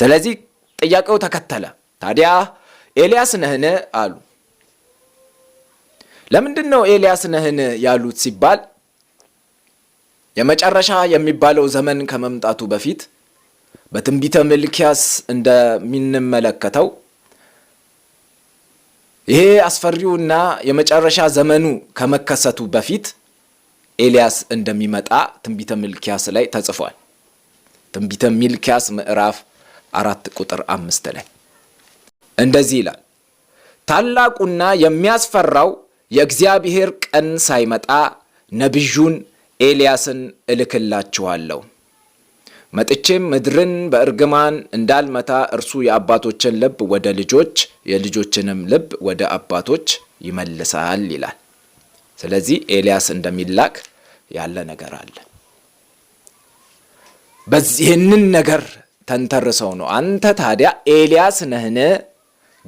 ስለዚህ ጥያቄው ተከተለ። ታዲያ ኤልያስ ነህን አሉ። ለምንድን ነው ኤልያስ ነህን ያሉት ሲባል የመጨረሻ የሚባለው ዘመን ከመምጣቱ በፊት በትንቢተ ሚልክያስ እንደሚንመለከተው ይሄ አስፈሪውና የመጨረሻ ዘመኑ ከመከሰቱ በፊት ኤልያስ እንደሚመጣ ትንቢተ ሚልክያስ ላይ ተጽፏል። ትንቢተ ሚልክያስ ምዕራፍ አራት ቁጥር አምስት ላይ እንደዚህ ይላል፣ ታላቁና የሚያስፈራው የእግዚአብሔር ቀን ሳይመጣ ነቢዩን ኤልያስን እልክላችኋለሁ። መጥቼም ምድርን በእርግማን እንዳልመታ እርሱ የአባቶችን ልብ ወደ ልጆች የልጆችንም ልብ ወደ አባቶች ይመልሳል ይላል። ስለዚህ ኤልያስ እንደሚላክ ያለ ነገር አለ። በዚህንን ነገር ተንተርሰው ነው። አንተ ታዲያ ኤልያስ ነህን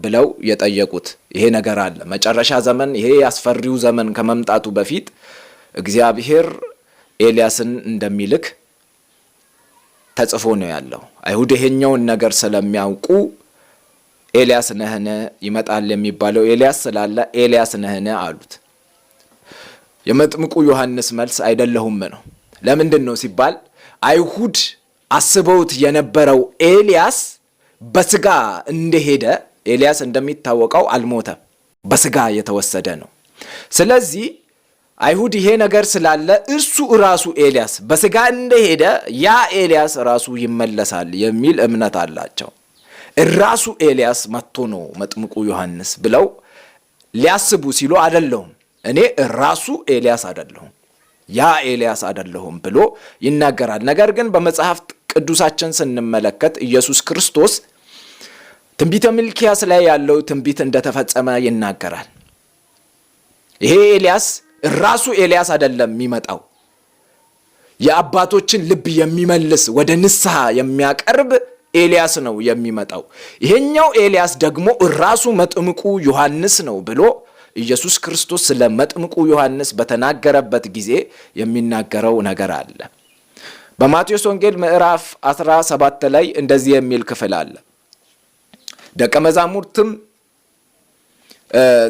ብለው የጠየቁት ይሄ ነገር አለ። መጨረሻ ዘመን ይሄ ያስፈሪው ዘመን ከመምጣቱ በፊት እግዚአብሔር ኤልያስን እንደሚልክ ተጽፎ ነው ያለው። አይሁድ ይሄኛውን ነገር ስለሚያውቁ ኤልያስ ነህን ይመጣል የሚባለው ኤልያስ ስላለ ኤልያስ ነህን አሉት። የመጥምቁ ዮሐንስ መልስ አይደለሁም ነው። ለምንድን ነው ሲባል አይሁድ አስበውት የነበረው ኤልያስ በስጋ እንደሄደ ኤልያስ እንደሚታወቀው አልሞተም፣ በስጋ የተወሰደ ነው። ስለዚህ አይሁድ ይሄ ነገር ስላለ እሱ ራሱ ኤልያስ በስጋ እንደሄደ ያ ኤልያስ ራሱ ይመለሳል የሚል እምነት አላቸው። እራሱ ኤልያስ መጥቶ ነው መጥምቁ ዮሐንስ ብለው ሊያስቡ ሲሉ አይደለሁም፣ እኔ እራሱ ኤልያስ አይደለሁም ያ ኤልያስ አይደለሁም ብሎ ይናገራል። ነገር ግን በመጽሐፍ ቅዱሳችን ስንመለከት ኢየሱስ ክርስቶስ ትንቢተ ሚልኪያስ ላይ ያለው ትንቢት እንደተፈጸመ ይናገራል። ይሄ ኤልያስ ራሱ ኤልያስ አይደለም የሚመጣው የአባቶችን ልብ የሚመልስ ወደ ንስሐ የሚያቀርብ ኤልያስ ነው የሚመጣው። ይሄኛው ኤልያስ ደግሞ ራሱ መጥምቁ ዮሐንስ ነው ብሎ ኢየሱስ ክርስቶስ ስለ መጥምቁ ዮሐንስ በተናገረበት ጊዜ የሚናገረው ነገር አለ። በማቴዎስ ወንጌል ምዕራፍ 17 ላይ እንደዚህ የሚል ክፍል አለ። ደቀ መዛሙርትም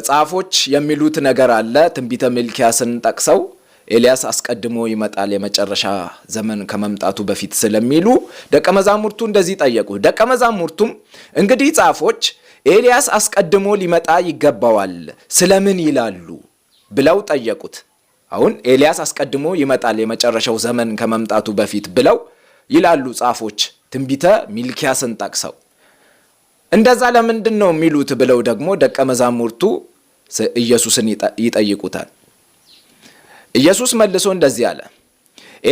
ጻፎች የሚሉት ነገር አለ። ትንቢተ ሚልኪያስን ጠቅሰው ኤልያስ አስቀድሞ ይመጣል የመጨረሻ ዘመን ከመምጣቱ በፊት ስለሚሉ ደቀ መዛሙርቱ እንደዚህ ጠየቁ። ደቀ መዛሙርቱም እንግዲህ ጻፎች ኤልያስ አስቀድሞ ሊመጣ ይገባዋል ስለምን ይላሉ ብለው ጠየቁት። አሁን ኤልያስ አስቀድሞ ይመጣል የመጨረሻው ዘመን ከመምጣቱ በፊት ብለው ይላሉ ጻፎች ትንቢተ ሚልኪያስን ጠቅሰው። እንደዛ ለምንድን ነው የሚሉት ብለው ደግሞ ደቀ መዛሙርቱ ኢየሱስን ይጠይቁታል። ኢየሱስ መልሶ እንደዚህ አለ፣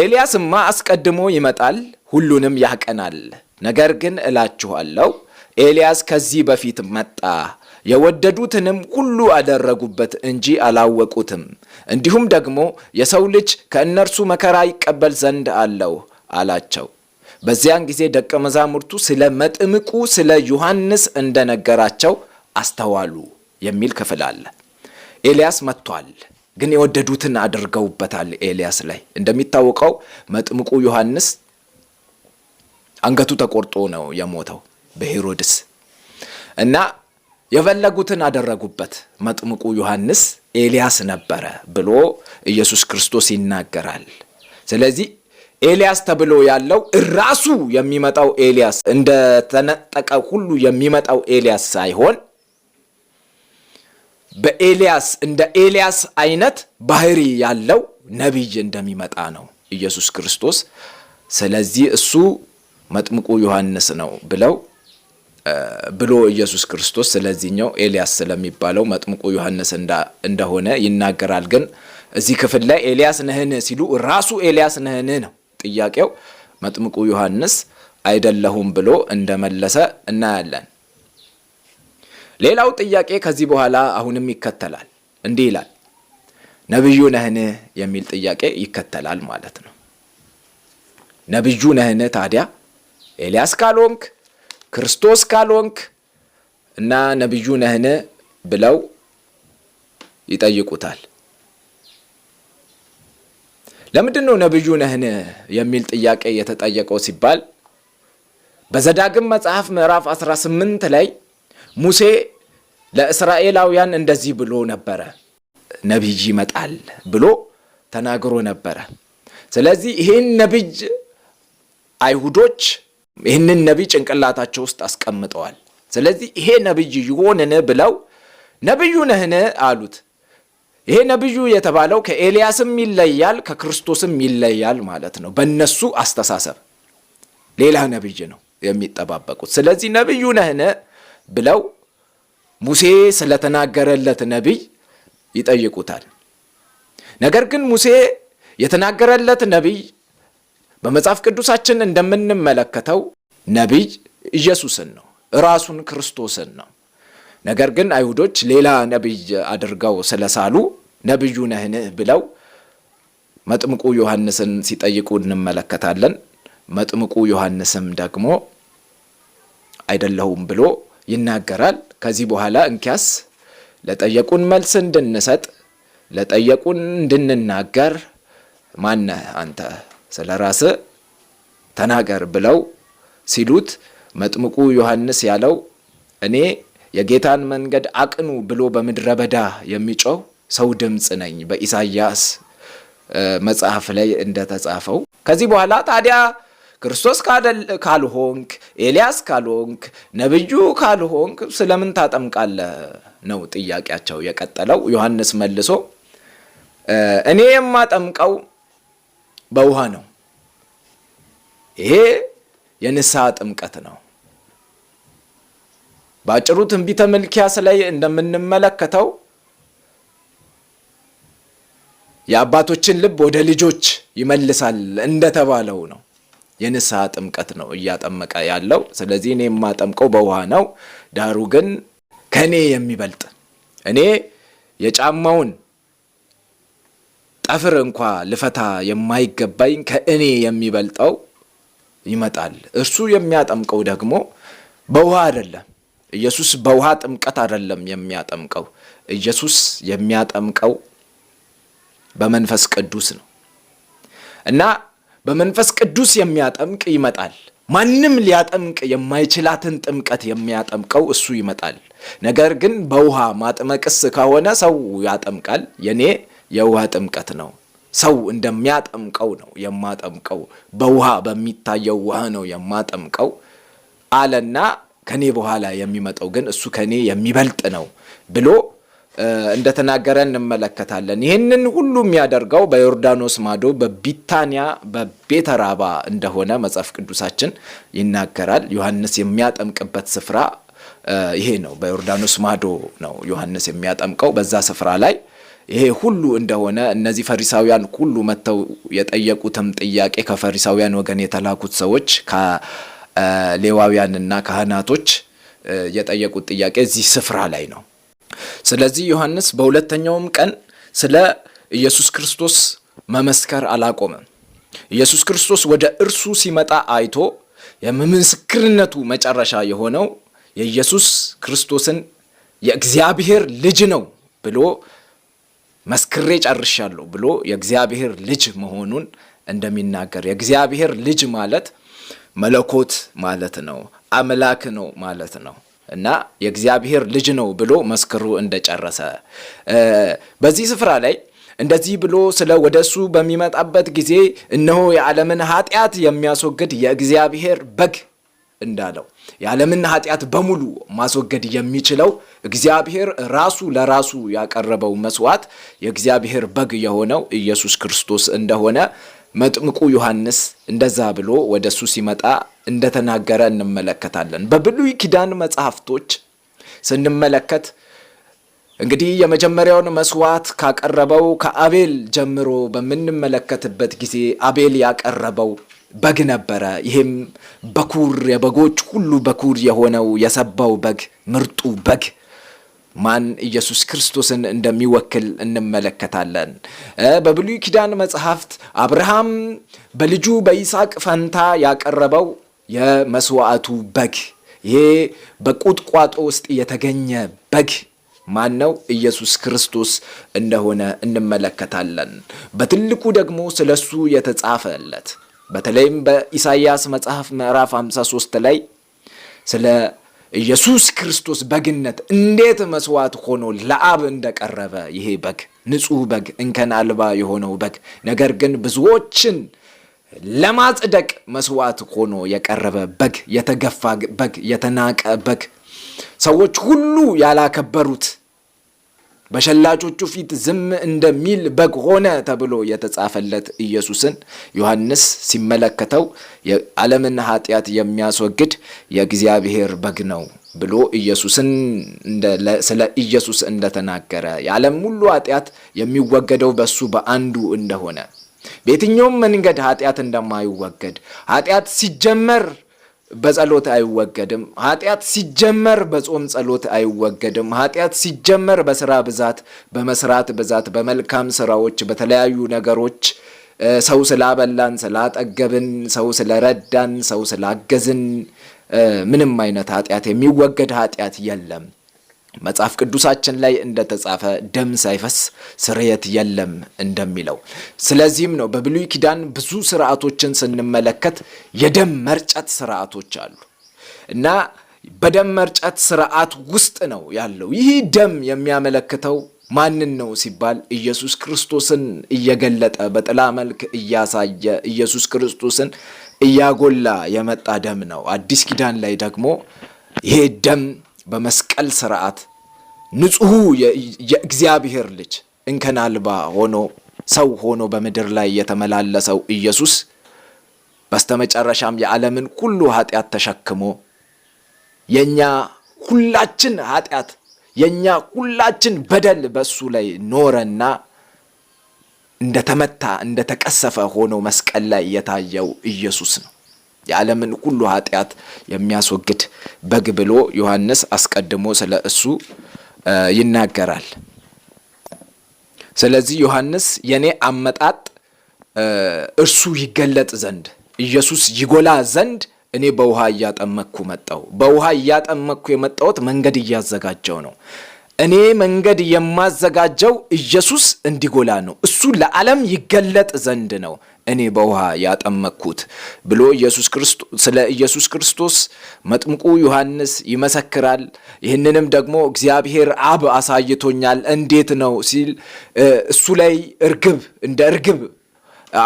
ኤልያስማ አስቀድሞ ይመጣል፣ ሁሉንም ያቀናል። ነገር ግን እላችኋለሁ ኤልያስ ከዚህ በፊት መጣ፣ የወደዱትንም ሁሉ አደረጉበት እንጂ አላወቁትም። እንዲሁም ደግሞ የሰው ልጅ ከእነርሱ መከራ ይቀበል ዘንድ አለው አላቸው። በዚያን ጊዜ ደቀ መዛሙርቱ ስለ መጥምቁ ስለ ዮሐንስ እንደነገራቸው አስተዋሉ የሚል ክፍል አለ። ኤልያስ መጥቷል፣ ግን የወደዱትን አድርገውበታል። ኤልያስ ላይ እንደሚታወቀው መጥምቁ ዮሐንስ አንገቱ ተቆርጦ ነው የሞተው። በሄሮድስ እና የፈለጉትን አደረጉበት። መጥምቁ ዮሐንስ ኤልያስ ነበረ ብሎ ኢየሱስ ክርስቶስ ይናገራል። ስለዚህ ኤልያስ ተብሎ ያለው ራሱ የሚመጣው ኤልያስ እንደተነጠቀ ሁሉ የሚመጣው ኤልያስ ሳይሆን በኤልያስ እንደ ኤልያስ አይነት ባህሪ ያለው ነቢይ እንደሚመጣ ነው ኢየሱስ ክርስቶስ። ስለዚህ እሱ መጥምቁ ዮሐንስ ነው ብለው ብሎ ኢየሱስ ክርስቶስ ስለዚህኛው ኤልያስ ስለሚባለው መጥምቁ ዮሐንስ እንደሆነ ይናገራል። ግን እዚህ ክፍል ላይ ኤልያስ ነህን ሲሉ ራሱ ኤልያስ ነህን ነው ጥያቄው። መጥምቁ ዮሐንስ አይደለሁም ብሎ እንደመለሰ እናያለን። ሌላው ጥያቄ ከዚህ በኋላ አሁንም ይከተላል። እንዲህ ይላል፣ ነብዩ ነህን የሚል ጥያቄ ይከተላል ማለት ነው። ነብዩ ነህን ታዲያ ኤልያስ ካልሆንክ ክርስቶስ ካልሆንክ እና ነቢዩ ነህን ብለው ይጠይቁታል። ለምንድን ነው ነቢዩ ነህን የሚል ጥያቄ የተጠየቀው ሲባል በዘዳግም መጽሐፍ ምዕራፍ 18 ላይ ሙሴ ለእስራኤላውያን እንደዚህ ብሎ ነበረ፣ ነቢይ ይመጣል ብሎ ተናግሮ ነበረ። ስለዚህ ይህን ነቢይ አይሁዶች ይህንን ነቢይ ጭንቅላታቸው ውስጥ አስቀምጠዋል። ስለዚህ ይሄ ነቢይ ይሆንን ብለው ነቢዩ ነህን አሉት። ይሄ ነቢዩ የተባለው ከኤልያስም ይለያል ከክርስቶስም ይለያል ማለት ነው። በነሱ አስተሳሰብ ሌላ ነቢይ ነው የሚጠባበቁት። ስለዚህ ነቢዩ ነህን ብለው ሙሴ ስለተናገረለት ነቢይ ይጠይቁታል። ነገር ግን ሙሴ የተናገረለት ነቢይ በመጽሐፍ ቅዱሳችን እንደምንመለከተው ነቢይ ኢየሱስን ነው፣ ራሱን ክርስቶስን ነው። ነገር ግን አይሁዶች ሌላ ነቢይ አድርገው ስለሳሉ ነቢዩ ነህን ብለው መጥምቁ ዮሐንስን ሲጠይቁ እንመለከታለን። መጥምቁ ዮሐንስም ደግሞ አይደለሁም ብሎ ይናገራል። ከዚህ በኋላ እንኪያስ ለጠየቁን መልስ እንድንሰጥ ለጠየቁን እንድንናገር ማነህ አንተ ስለ ራስ ተናገር ብለው ሲሉት መጥምቁ ዮሐንስ ያለው እኔ የጌታን መንገድ አቅኑ ብሎ በምድረ በዳ የሚጮው ሰው ድምፅ ነኝ በኢሳይያስ መጽሐፍ ላይ እንደተጻፈው። ከዚህ በኋላ ታዲያ ክርስቶስ ካልሆንክ፣ ኤልያስ ካልሆንክ፣ ነብዩ ካልሆንክ ስለምን ታጠምቃለህ ነው ጥያቄያቸው የቀጠለው። ዮሐንስ መልሶ እኔ የማጠምቀው በውሃ ነው። ይሄ የንስሐ ጥምቀት ነው። በአጭሩ ትንቢተ ሚልክያስ ላይ እንደምንመለከተው የአባቶችን ልብ ወደ ልጆች ይመልሳል እንደተባለው ነው። የንስሐ ጥምቀት ነው እያጠመቀ ያለው። ስለዚህ እኔ የማጠምቀው በውሃ ነው። ዳሩ ግን ከእኔ የሚበልጥ እኔ የጫማውን ጠፍር እንኳ ልፈታ የማይገባኝ ከእኔ የሚበልጠው ይመጣል። እርሱ የሚያጠምቀው ደግሞ በውሃ አይደለም። ኢየሱስ በውሃ ጥምቀት አይደለም የሚያጠምቀው። ኢየሱስ የሚያጠምቀው በመንፈስ ቅዱስ ነው እና በመንፈስ ቅዱስ የሚያጠምቅ ይመጣል። ማንም ሊያጠምቅ የማይችላትን ጥምቀት የሚያጠምቀው እሱ ይመጣል። ነገር ግን በውሃ ማጥመቅስ ከሆነ ሰው ያጠምቃል የኔ የውሃ ጥምቀት ነው። ሰው እንደሚያጠምቀው ነው የማጠምቀው፣ በውሃ በሚታየው ውሃ ነው የማጠምቀው አለና ከኔ በኋላ የሚመጣው ግን እሱ ከኔ የሚበልጥ ነው ብሎ እንደተናገረ እንመለከታለን። ይህንን ሁሉ የሚያደርገው በዮርዳኖስ ማዶ በቢታንያ በቤተራባ እንደሆነ መጽሐፍ ቅዱሳችን ይናገራል። ዮሐንስ የሚያጠምቅበት ስፍራ ይሄ ነው። በዮርዳኖስ ማዶ ነው ዮሐንስ የሚያጠምቀው በዛ ስፍራ ላይ ይሄ ሁሉ እንደሆነ እነዚህ ፈሪሳውያን ሁሉ መጥተው የጠየቁትም ጥያቄ ከፈሪሳውያን ወገን የተላኩት ሰዎች ከሌዋውያንና ካህናቶች የጠየቁት ጥያቄ እዚህ ስፍራ ላይ ነው። ስለዚህ ዮሐንስ በሁለተኛውም ቀን ስለ ኢየሱስ ክርስቶስ መመስከር አላቆመም። ኢየሱስ ክርስቶስ ወደ እርሱ ሲመጣ አይቶ የምስክርነቱ መጨረሻ የሆነው የኢየሱስ ክርስቶስን የእግዚአብሔር ልጅ ነው ብሎ መስክሬ ጨርሻለሁ ብሎ የእግዚአብሔር ልጅ መሆኑን እንደሚናገር የእግዚአብሔር ልጅ ማለት መለኮት ማለት ነው፣ አምላክ ነው ማለት ነው እና የእግዚአብሔር ልጅ ነው ብሎ መስክሩ እንደጨረሰ በዚህ ስፍራ ላይ እንደዚህ ብሎ ስለ ወደሱ በሚመጣበት ጊዜ እነሆ የዓለምን ኃጢአት የሚያስወግድ የእግዚአብሔር በግ እንዳለው የዓለምን ኃጢአት በሙሉ ማስወገድ የሚችለው እግዚአብሔር ራሱ ለራሱ ያቀረበው መስዋዕት የእግዚአብሔር በግ የሆነው ኢየሱስ ክርስቶስ እንደሆነ መጥምቁ ዮሐንስ እንደዛ ብሎ ወደ እሱ ሲመጣ እንደተናገረ እንመለከታለን። በብሉይ ኪዳን መጽሐፍቶች ስንመለከት እንግዲህ የመጀመሪያውን መስዋዕት ካቀረበው ከአቤል ጀምሮ በምንመለከትበት ጊዜ አቤል ያቀረበው በግ ነበረ። ይሄም በኩር የበጎች ሁሉ በኩር የሆነው የሰባው በግ ምርጡ በግ ማን ኢየሱስ ክርስቶስን እንደሚወክል እንመለከታለን። በብሉይ ኪዳን መጽሐፍት አብርሃም በልጁ በይስሐቅ ፈንታ ያቀረበው የመስዋዕቱ በግ ይሄ በቁጥቋጦ ውስጥ የተገኘ በግ ማን ነው? ኢየሱስ ክርስቶስ እንደሆነ እንመለከታለን። በትልቁ ደግሞ ስለሱ የተጻፈለት በተለይም በኢሳይያስ መጽሐፍ ምዕራፍ 53 ላይ ስለ ኢየሱስ ክርስቶስ በግነት እንዴት መስዋዕት ሆኖ ለአብ እንደቀረበ ይሄ በግ ንጹህ በግ እንከን አልባ የሆነው በግ ነገር ግን ብዙዎችን ለማጽደቅ መስዋዕት ሆኖ የቀረበ በግ የተገፋ በግ የተናቀ በግ ሰዎች ሁሉ ያላከበሩት በሸላቾቹ ፊት ዝም እንደሚል በግ ሆነ ተብሎ የተጻፈለት ኢየሱስን ዮሐንስ ሲመለከተው የዓለምን ኃጢአት የሚያስወግድ የእግዚአብሔር በግ ነው ብሎ ኢየሱስን ስለ ኢየሱስ እንደተናገረ የዓለም ሁሉ ኃጢአት የሚወገደው በሱ በአንዱ እንደሆነ በየትኛውም መንገድ ኃጢአት እንደማይወገድ ኃጢአት ሲጀመር በጸሎት አይወገድም። ኃጢአት ሲጀመር በጾም ጸሎት አይወገድም። ኃጢአት ሲጀመር በስራ ብዛት፣ በመስራት ብዛት፣ በመልካም ስራዎች፣ በተለያዩ ነገሮች ሰው ስላበላን፣ ስላጠገብን፣ ሰው ስለረዳን፣ ሰው ስላገዝን ምንም አይነት ኃጢአት የሚወገድ ኃጢአት የለም። መጽሐፍ ቅዱሳችን ላይ እንደተጻፈ ደም ሳይፈስ ስርየት የለም እንደሚለው። ስለዚህም ነው በብሉይ ኪዳን ብዙ ስርዓቶችን ስንመለከት የደም መርጨት ስርዓቶች አሉ እና በደም መርጨት ስርዓት ውስጥ ነው ያለው። ይህ ደም የሚያመለክተው ማንን ነው ሲባል ኢየሱስ ክርስቶስን እየገለጠ በጥላ መልክ እያሳየ ኢየሱስ ክርስቶስን እያጎላ የመጣ ደም ነው። አዲስ ኪዳን ላይ ደግሞ ይሄ ደም በመስቀል ስርዓት ንጹሁ የእግዚአብሔር ልጅ እንከን አልባ ሆኖ ሰው ሆኖ በምድር ላይ የተመላለሰው ኢየሱስ በስተመጨረሻም የዓለምን ሁሉ ኃጢአት ተሸክሞ የእኛ ሁላችን ኃጢአት የእኛ ሁላችን በደል በእሱ ላይ ኖረና እንደተመታ እንደተቀሰፈ ሆኖ መስቀል ላይ የታየው ኢየሱስ ነው። የዓለምን ሁሉ ኃጢአት የሚያስወግድ በግ ብሎ ዮሐንስ አስቀድሞ ስለ እሱ ይናገራል። ስለዚህ ዮሐንስ የኔ አመጣጥ እርሱ ይገለጥ ዘንድ ኢየሱስ ይጎላ ዘንድ እኔ በውሃ እያጠመቅኩ መጣሁ። በውሃ እያጠመቅኩ የመጣሁት መንገድ እያዘጋጀው ነው። እኔ መንገድ የማዘጋጀው ኢየሱስ እንዲጎላ ነው፣ እሱ ለዓለም ይገለጥ ዘንድ ነው እኔ በውሃ ያጠመቅኩት ብሎ ስለ ኢየሱስ ክርስቶስ መጥምቁ ዮሐንስ ይመሰክራል። ይህንንም ደግሞ እግዚአብሔር አብ አሳይቶኛል። እንዴት ነው ሲል እሱ ላይ እርግብ እንደ እርግብ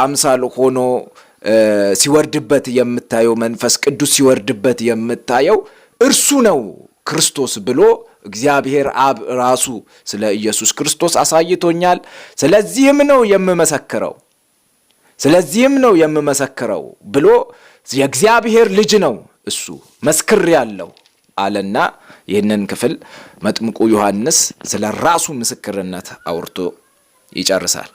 አምሳል ሆኖ ሲወርድበት የምታየው መንፈስ ቅዱስ ሲወርድበት የምታየው እርሱ ነው ክርስቶስ ብሎ እግዚአብሔር አብ ራሱ ስለ ኢየሱስ ክርስቶስ አሳይቶኛል። ስለዚህም ነው የምመሰክረው ስለዚህም ነው የምመሰክረው ብሎ የእግዚአብሔር ልጅ ነው እሱ መስክር ያለው አለና ይህንን ክፍል መጥምቁ ዮሐንስ ስለ ራሱ ምስክርነት አውርቶ ይጨርሳል።